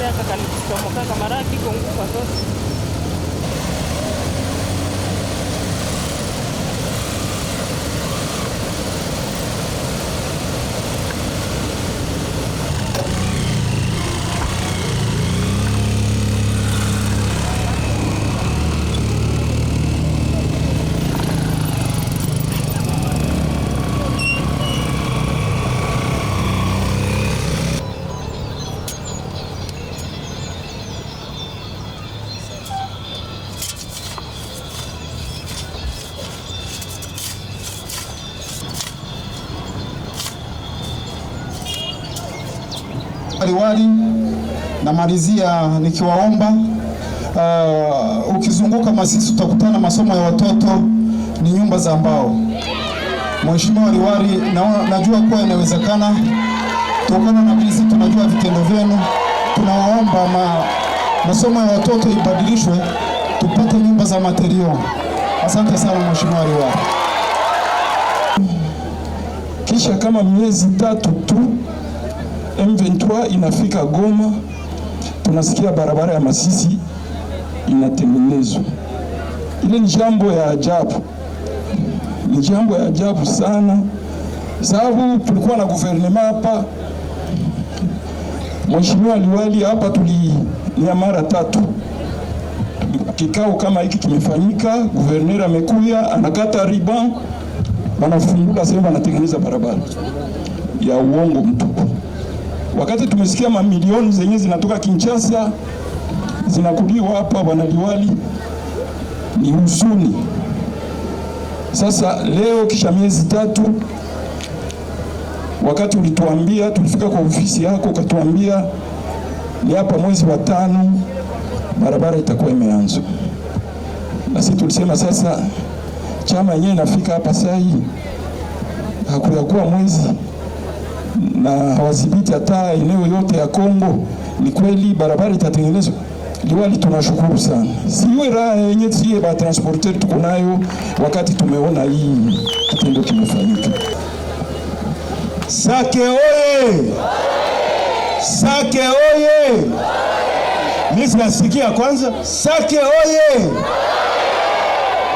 kaka kalichomoka kamara kiko kwa sasa liwali. Namalizia nikiwaomba uh, ukizunguka Masisi utakutana masomo ya watoto ni nyumba za mbao. Mheshimiwa liwali, na, najua kuwa inawezekana tokana na vile tunajua vitendo vyenu. Tunawaomba ma, masomo ya watoto ibadilishwe tupate nyumba za materio. Asante sana Mheshimiwa liwali. Kisha kama miezi tatu tu M23 inafika Goma, tunasikia barabara ya Masisi inatengenezwa. Ile ni jambo ya ajabu, ni jambo ya ajabu sana, sababu tulikuwa na guvernema hapa, mheshimiwa liwali hapa, tulinia mara tatu kikao kama hiki kimefanyika, guverner amekuya anakata riban, wanafungula sehemu, wanatengeneza barabara ya uongo mtupu. Wakati tumesikia mamilioni zenye zinatoka Kinshasa zinakuliwa hapa, bwana diwali, ni huzuni. Sasa leo kisha miezi tatu, wakati ulituambia, tulifika kwa ofisi yako ukatuambia ni hapa mwezi wa tano barabara itakuwa imeanza, na sisi tulisema sasa chama yenyewe inafika hapa saa hii hakuyakuwa mwezi na wadhibiti hata eneo yote ya Kongo, ni kweli barabara itatengenezwa. Liwali, tunashukuru sana, siwe raha yenye tie ba transporter tuko nayo wakati tumeona hii kitendo kimefanyika. Sake oye! Sake oye! Nisasikia kwanza, Sake oye!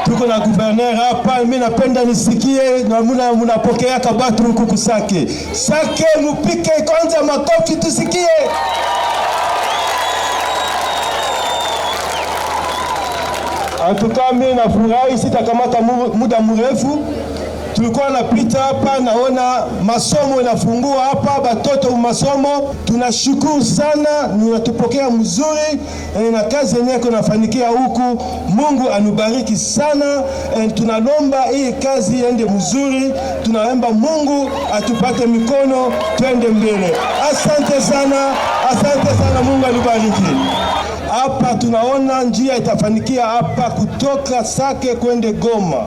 tuko na guverner hapa, mimi napenda nisikie na munapokea kabatu huku kusake sake, mupike kwanza makofi tusikie. Antuka mimi nafurahi, sitakamata muda mrefu tulikuwa napita hapa, naona masomo inafungua hapa batoto masomo. Tunashukuru sana, ninatupokea mzuri e, na kazi yenyewe kunafanikia huku. Mungu anubariki sana e, tunalomba hii kazi iende mzuri, tunaomba Mungu atupate mikono twende mbele. Asante sana, asante sana, Mungu anubariki hapa tunaona njia itafanikia hapa kutoka Sake kwende Goma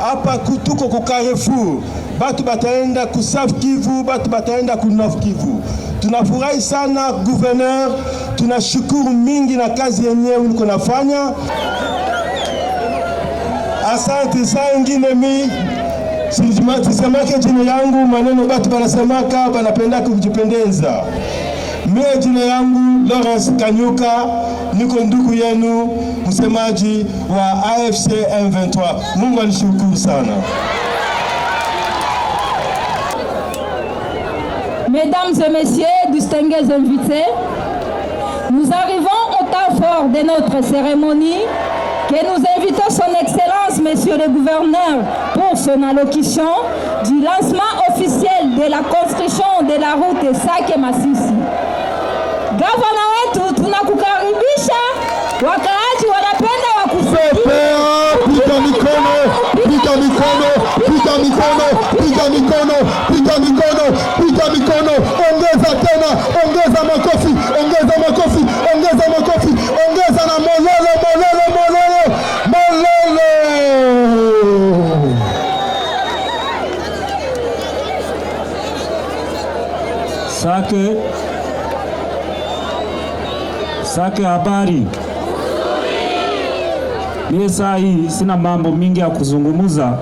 hapa kutuko ku Carrefour, batu bataenda ku South Kivu, batu bataenda ku North Kivu. Tunafurahi sana gouverneur, tunashukuru mingi na kazi yenyewe uliko nafanya. Asante saa ingine mi sisemake jina yangu maneno, batu banasemaka banapenda kujipendeza. Kanyuka, AFC M23. Mesdames et messieurs, distingués invités, nous arrivons au temps fort de notre cérémonie que nous invitons son Excellence, Monsieur le Gouverneur, pour son allocution du lancement officiel de la construction de la route Sac Gavana wetu tunakukaribisha, wakaaji wanapenda wakusikie. Piga mikono, piga mikono, piga mikono, piga mikono, piga mikono. yake habari. Mie saa hii sina mambo mingi ya kuzungumza,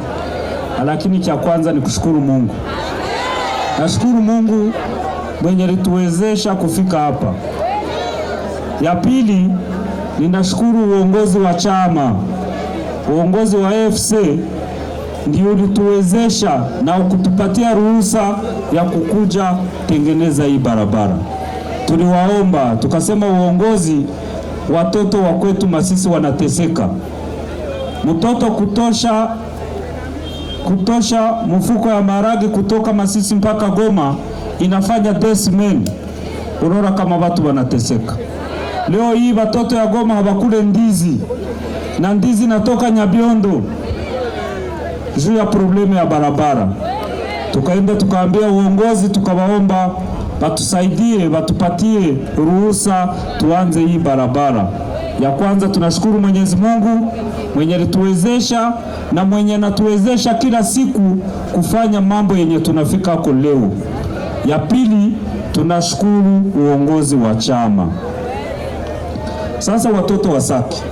lakini cha kwanza ni kushukuru Mungu. Nashukuru Mungu mwenye lituwezesha kufika hapa. Ya pili, ninashukuru uongozi wa chama, uongozi wa AFC ndio ulituwezesha na ukutupatia ruhusa ya kukuja tengeneza hii barabara tuliwaomba tukasema, uongozi, watoto wa kwetu Masisi wanateseka, mtoto kutosha kutosha mfuko ya maragi kutoka Masisi mpaka Goma inafanya desmen, Unaona kama watu wanateseka leo hii, watoto ya Goma hawakule ndizi na ndizi natoka Nyabiondo juu ya problemu ya barabara. Tukaenda tukaambia uongozi, tukawaomba batusaidie, batupatie ruhusa tuanze hii barabara ya kwanza. Tunashukuru Mwenyezi Mungu mwenye alituwezesha na mwenye anatuwezesha kila siku kufanya mambo yenye tunafika huko leo. Ya pili, tunashukuru uongozi wa chama. Sasa watoto wa Sake,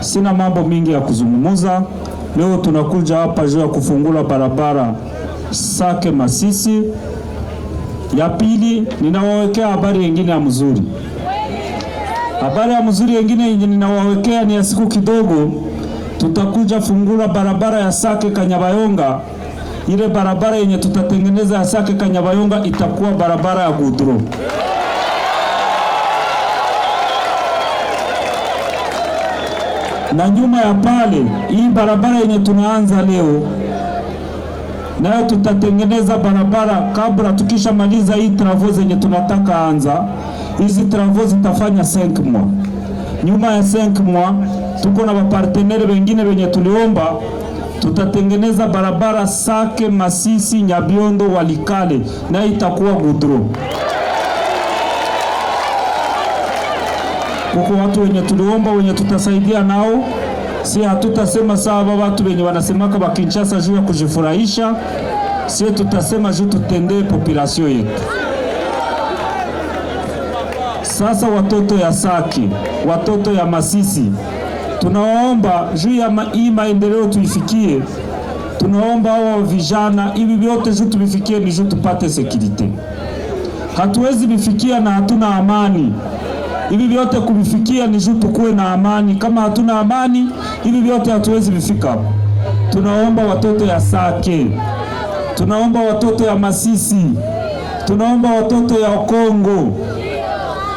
sina mambo mingi ya kuzungumuza leo. Tunakuja hapa juu ya kufungula barabara Sake Masisi. Ya pili, ninawawekea habari yengine ya mzuri. Habari ya mzuri yengine yenye ninawawekea ni ya siku kidogo, tutakuja fungula barabara ya Sake Kanyabayonga. Ile barabara yenye tutatengeneza ya Sake Kanyabayonga itakuwa barabara ya gudro. Na nyuma ya pale, hii barabara yenye tunaanza leo nayo tutatengeneza barabara kabla tukishamaliza hii travaux zenye tunataka anza. Hizi travaux zitafanya 5 mwa, nyuma ya 5 mwa tuko na wapartenere wengine wenye tuliomba tutatengeneza barabara Sake Masisi Nyabiondo Walikale, na itakuwa gudro kuko watu wenye tuliomba wenye tutasaidia nao si hatutasema sawa watu wenye wanasemaka wa Kinshasa juu ya kujifurahisha, si tutasema juu tutendee population yetu. Sasa watoto ya Saki, watoto ya Masisi, tunaomba juu ya hii maendeleo tuifikie, tunaomba hao vijana hivi vyote juu tuvifikie, ni juu tupate sekirite. Hatuwezi vifikia na hatuna amani Hivi vyote kuvifikia ni shutu kuwe na amani. Kama hatuna amani, hivi vyote hatuwezi vifika. Tunaomba watoto ya Sake, tunaomba watoto ya Masisi, tunaomba watoto ya Kongo,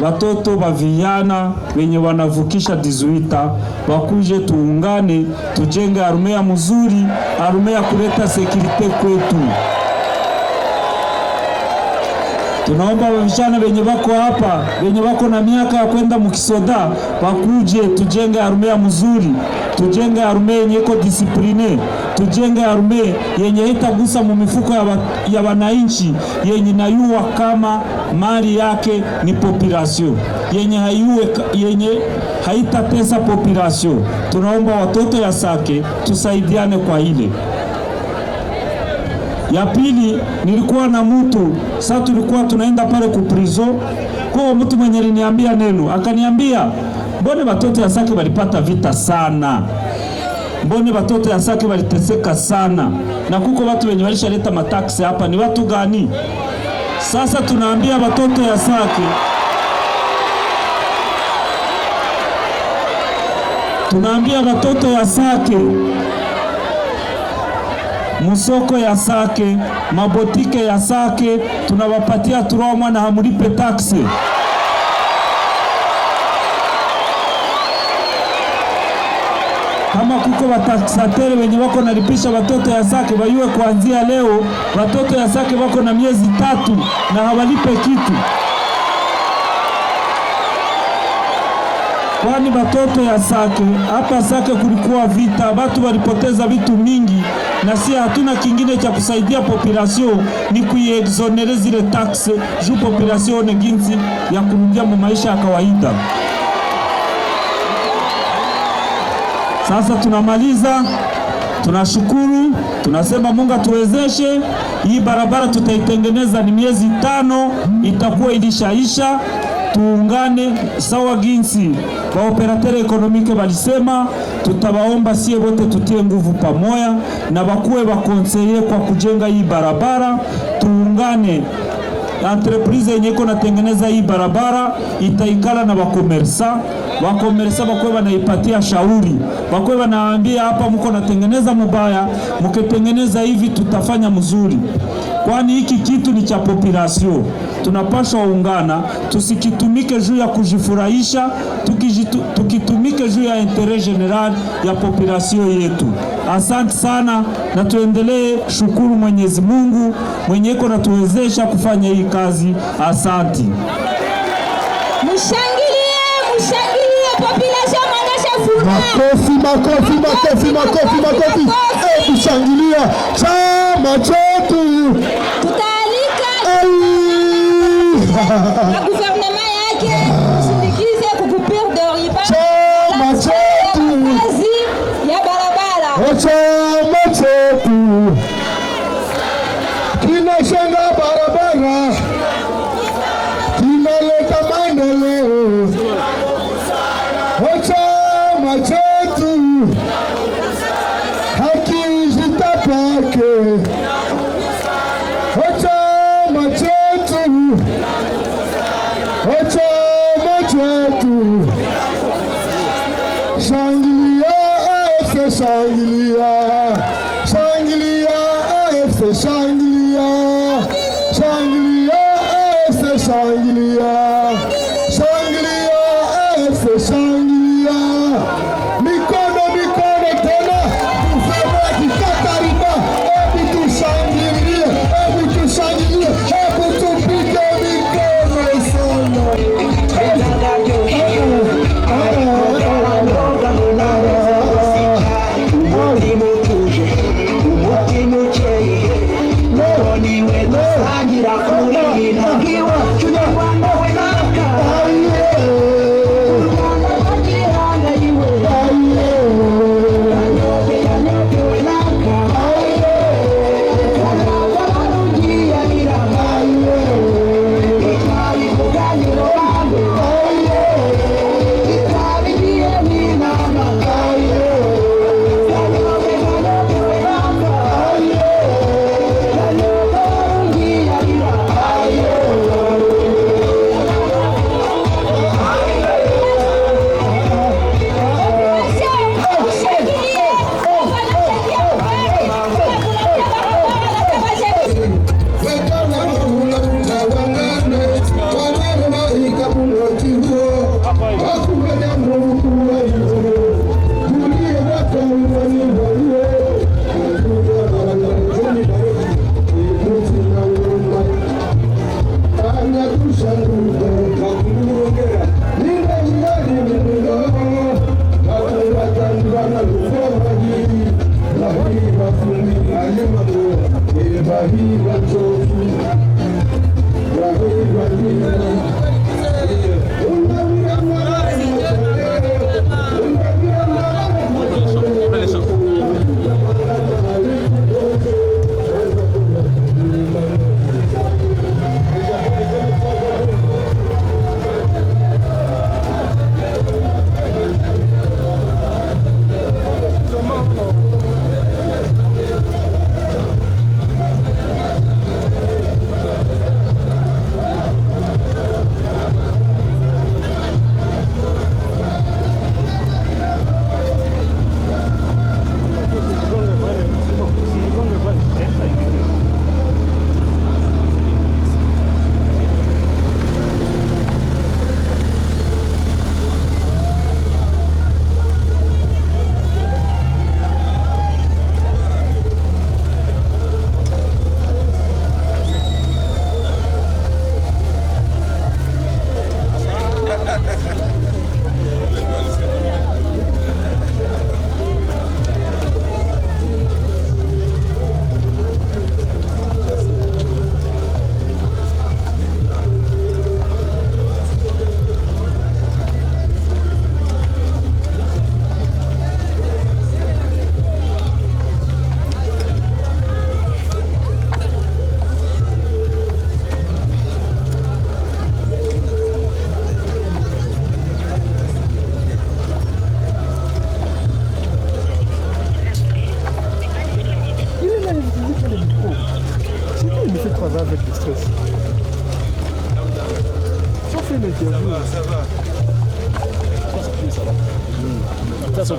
watoto wa vijana wenye wanavukisha dizuita wakuje, tuungane, tujenge arumea mzuri, arumea kuleta sekirite kwetu. Tunaomba vijana wenye wako hapa wenye wako na miaka ya kwenda mukisoda wakuje, tujenge arume ya mzuri, tujenge arume yenye iko disipline, tujenge arume yenye itagusa mumifuko ya wananchi, yenye nayua kama mali yake ni population, yenye haiue yenye haitatesa population. Tunaomba watoto ya Sake tusaidiane kwa ile ya pili nilikuwa na mtu sasa, tulikuwa tunaenda pale ku prison kwa mtu mwenye aliniambia neno, akaniambia mbone watoto ya Sake walipata vita sana, mbone watoto ya Sake waliteseka sana, na kuko watu wenye walishaleta mataksi hapa. Ni watu gani? Sasa tunaambia watoto ya Sake tunaambia watoto ya Sake musoko ya Sake, mabotike ya Sake tunawapatia turomwa na hamulipe taksi. Kama kuko wataksateri wenye wako nalipisha watoto ya Sake wayuwe kuanzia leo, watoto ya Sake wako na miezi tatu na hawalipe kitu, kwani batoto ya Sake hapa Sake kulikuwa vita, batu walipoteza vitu mingi na si hatuna kingine cha kusaidia population ni kuiexonere zile taxe juu population one ginsi ya kurudia mu maisha ya kawaida. Sasa tunamaliza, tunashukuru, tunasema Mungu atuwezeshe. Hii barabara tutaitengeneza, ni miezi tano itakuwa ilishaisha tuungane sawa ginsi wa ekonomike balisema, tutabaomba sie bote tutie nguvu pamoya na bakuwe bakonseye kwa kujenga hii barabara, tuungane entreprise yenye iko natengeneza hii barabara itaikala na wakomersa wakomersa, bakuwe banaipatia shauri, bakuwe banaambia hapa, mko natengeneza mubaya, muketengeneza hivi tutafanya mzuri, kwani hiki kitu ni cha population tunapaswa ungana, tusikitumike juu ya kujifurahisha, tukitumike juu ya intere general ya population yetu. Asante sana, na tuendelee shukuru Mwenyezi Mungu mwenyeko natuwezesha kufanya hii kazi. Asante, Makofi, makofi, makofi, makofi, makofi! Eh, kushangilia chama chetu! na guvernema yake essa é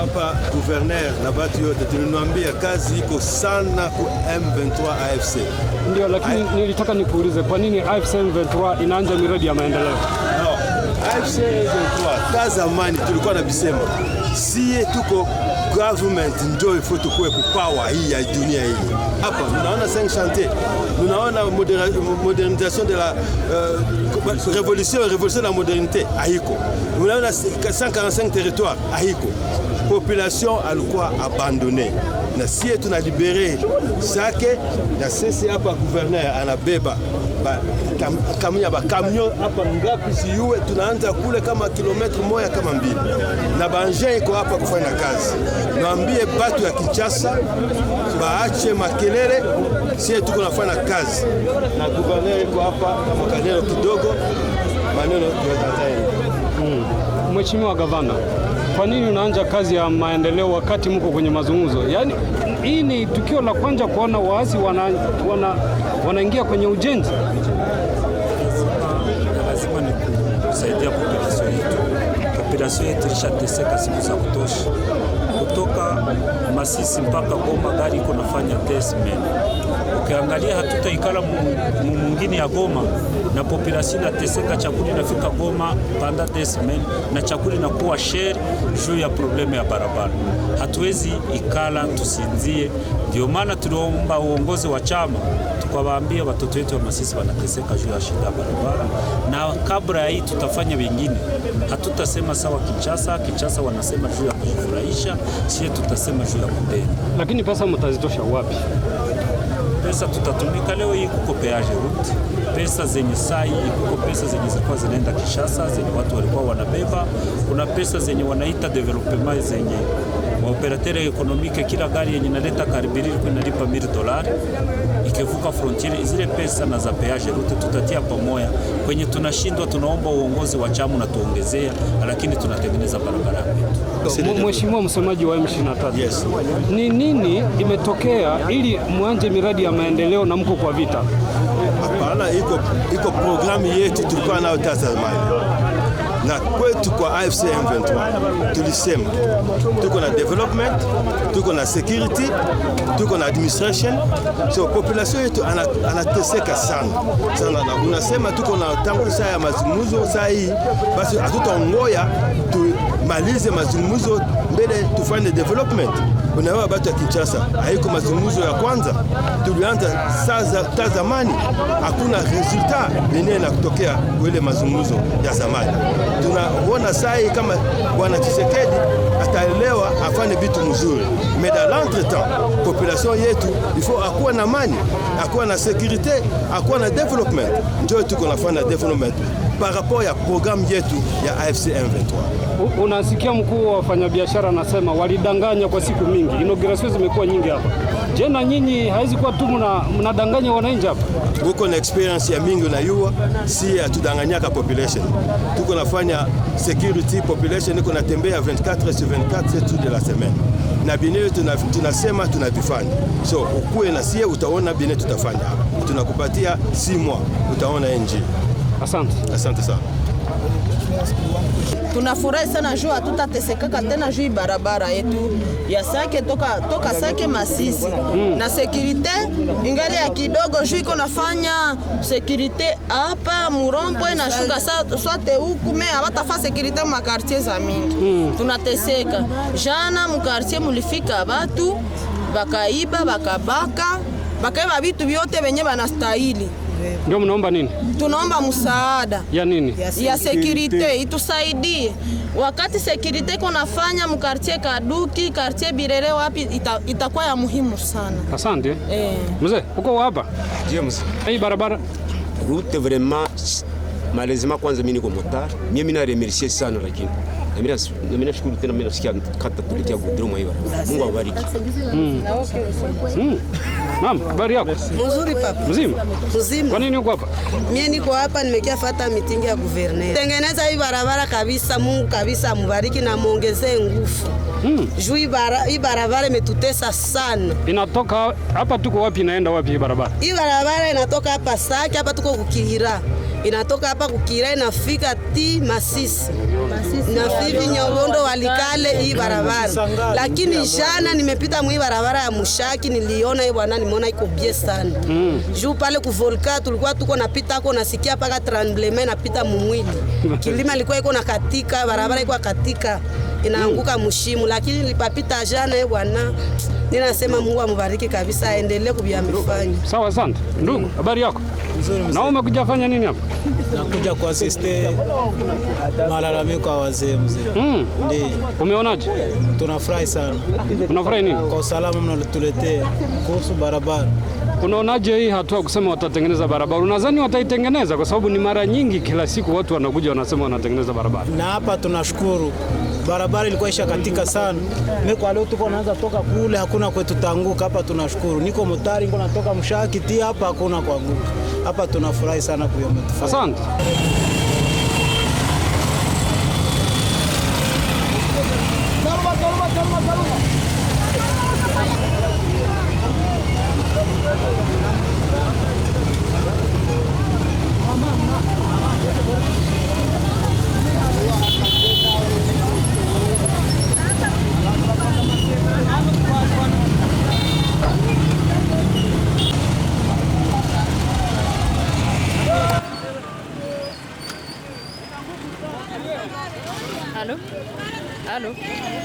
hapa guverner na batu yote tulinwambia kazi iko sana ku M23 AFC. Ndio, lakini nilitaka nikuulize kwa nini AFC M23 inaanza miradi ya maendeleo? No, AFC M23 kazi amani, tulikuwa na bisema siye tuko government njo ifo tukuwe kupawa hii ya dunia hii. Hapa nunaona cinq chantier, nunaona modernisation de la uh, revolution revolution de la modernité haiko, nunaona 145 territoire haiko population alikuwa abandone, na sie tunalibere zake na sisi hapa guverner anabeba kamya bakamio hapa ngapi siyuwe, tunaanza kule kama kilometri moja kama mbili, na banje iko hapa kufanya kazi. Naambie batu ya Kinshasa baache makelele, sie tuko nafanya kazi na guverner iko hapa makaneno kidogo maneno tuweza zaidi. Hmm. Mheshimiwa Gavana kwa nini unaanza kazi ya maendeleo wakati mko kwenye mazungumzo? Yaani hii ni tukio la kwanza kuona waasi wanaingia wana, wana kwenye ujenzi. Lazima ni kusaidia populasion yetu. populasio yetu ilishateseka siku za kutosha, kutoka Masisi mpaka Goma gari iko nafanya tesmen. Ukiangalia hatutaikala mumungini ya Goma na populasion inateseka, chakula inafika Goma panda tesmen na chakula inakuwa sheri juu ya problemu ya barabara. Hatuwezi ikala tusinzie, ndio maana tuliomba uongozi wa chama tukawaambia watoto wetu wa Masisi wanateseka juu ya shida ya barabara, na kabla ya hii tutafanya wengine. Hatutasema sawa Kinshasa, Kinshasa wanasema juu ya kujifurahisha, sie tutasema juu ya kudeni Lakini pesa mtazitosha wapi? pesa tutatumika leo hii kuko peage route, pesa zenye sai kuko pesa zenye zilikuwa zinaenda Kishasa zenye watu walikuwa wanabeba. Kuna pesa zenye wanaita development zenye waoperatere ekonomike, kila gari yenye naleta karibiri ilikuwa inalipa 1000 dolari ikivuka frontiere. Zile pesa na za peage route tutatia pamoja kwenye tunashindwa, tunaomba uongozi wa chama na tuongezea, lakini tunatengeneza barabara yetu. Mheshimiwa msemaji wa M23, yes. Ni nini imetokea ili mwanje miradi ya maendeleo na mko kwa vita? Hapana, iko iko programu yetu tulikuwa nayo tazamani na kwetu kwa AFC M23 tulisema tuko na development, tuko na security, tuko na administration. So population yetu anateseka sana sana, na unasema tuko na tangu saa ya mazungumzo saa hii, basi hatutaongoya tumalize mazungumzo mbele tufanye development. Unawewa batu ya Kinshasa, haiko mazungumzo ya kwanza tulianza ta zamani, hakuna resultat yenye na kutokea kwele mazungumzo ya zamani tunaona sai kama bwana Tshisekedi ataelewa afanye vitu mzuri, mais dans temps population yetu ifo akuwa na amani, akuwa na sécurité, akuwa na development. Ndio tuko nafanya development par rapport ya programme yetu ya AFC M23. Unasikia mkuu wa wafanyabiashara anasema walidanganya kwa siku mingi, inauguration zimekuwa nyingi hapa Je, na nyinyi haizi kuwa tu mnadanganya wananchi hapa? Tuko na experience ya mingi na yuwa, si hatudanganyaka population. Tuko nafanya security population iko natembea 24 sur 24 7 jours de la semaine. Na bine tunasema tunavifanya. So ukue na sie utaona bine tutafanya. Tunakupatia 6 mois utaona NG. Asante. Asante sana tunafurahi sana juu hatutatesekaka tena juu barabara yetu ya Sake toka, toka Sake Masisi mm. na sekirite ingali ya kidogo juu iko nafanya sekirite hapa Murombo na shuka sote huku me hawatafa sekirite mu makartie za mingi mm. tunateseka. Jana mu mulifika batu bakaiba bakabaka bakaiba vitu vyote venye banastahili ndio mnaomba nini? Tunaomba msaada ya nini? Ya sekirite itusaidie, wakati iko nafanya mkartie Kaduki, kartie Birere, wapi itakuwa ya muhimu sana. Asante eh. Mzee uko hapa? Ndio mzee. Hii barabara route vraiment malazima kwanza, mimi niko motari, mimi mimi remercier sana lakini mimi nashukuru tena, mimi nasikia kata Naam, habari yako? Mzuri papa. Mzima? Mzima. Kwa nini uko hapa? Mimi niko hapa nimekia fata mitingi ya governor. Tengeneza hii barabara kabisa, Mungu kabisa ambariki na muongezee nguvu. Mm. Juu hii barabara imetutesa sana. Inatoka hapa tuko wapi inaenda wapi hii barabara? Hii barabara inatoka hapa Sake, hapa tuko Kukihira inatoka hapa kukira inafika ti Masisi, Masisi na vivi Nyabondo walikale hii barabara, lakini jana nimepita mwi barabara ya Mushaki niliona hii bwana, nimeona iko bie sana mm. juu pale ku volka tulikuwa tuko napita ako nasikia paka tremblement napita mumwili kilima ilikuwa iko na katika barabara iko katika inaanguka hmm. mushimu, lakini nilipapita jana hii bwana, ninasema Mungu amubariki kabisa, aendelee kubiamifanya. Sawa, asante ndugu, habari yako? Mzuri mzuri. Na umekuja fanya nini hapa? Nakuja kuasist malalamiko kwa wazee mzee. Mm. Ndiyo. Umeonaje? Tunafurahi sana. Unafurahi nini? Kwa usalama mnatuletea kuhusu barabara. Unaonaje hii hatua kusema watatengeneza barabara? Unadhani wataitengeneza? Kwa sababu ni mara nyingi kila siku watu wanakuja wanasema wanatengeneza barabara. Na hapa tunashukuru barabara ilikuwa isha katika sana. Mimi kwa leo tuko naanza toka kule, hakuna kwetu tanguka hapa, tunashukuru. Niko mutari, niko natoka mshaki ti hapa, hakuna kuanguka hapa tunafurahi sana kumetufaa. Asante.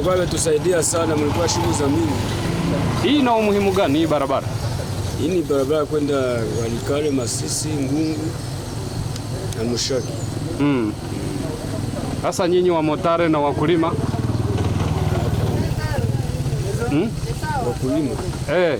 itakuwa imetusaidia sana, mlikuwa shughuli za mingi. Hii ina umuhimu gani hii barabara? Hii ni barabara kwenda Walikale, Masisi, Ngungu na Mushaki. Mm. Sasa nyinyi wa motare na wakulima hmm? Wakulima hey. Eh.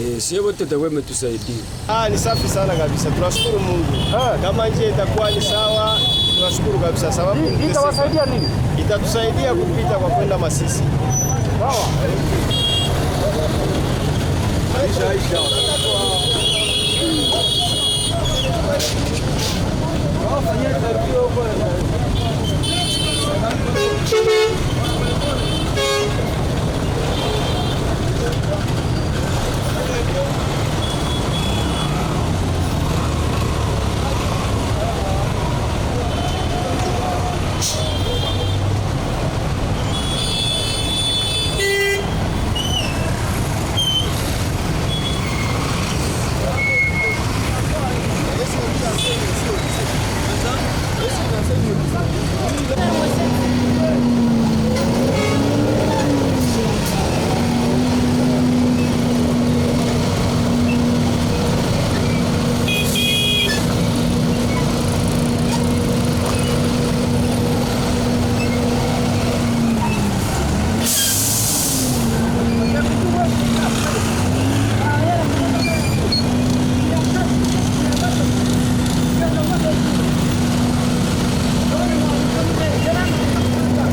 Eh, sio wote takuwa imetusaidia. Ah, ni safi sana kabisa, tunashukuru Mungu. Ah, kama nje itakuwa ni sawa tunashukuru kabisa, sababu itawasaidia nini? Itatusaidia kupita kwa kwenda Masisi. Sawa.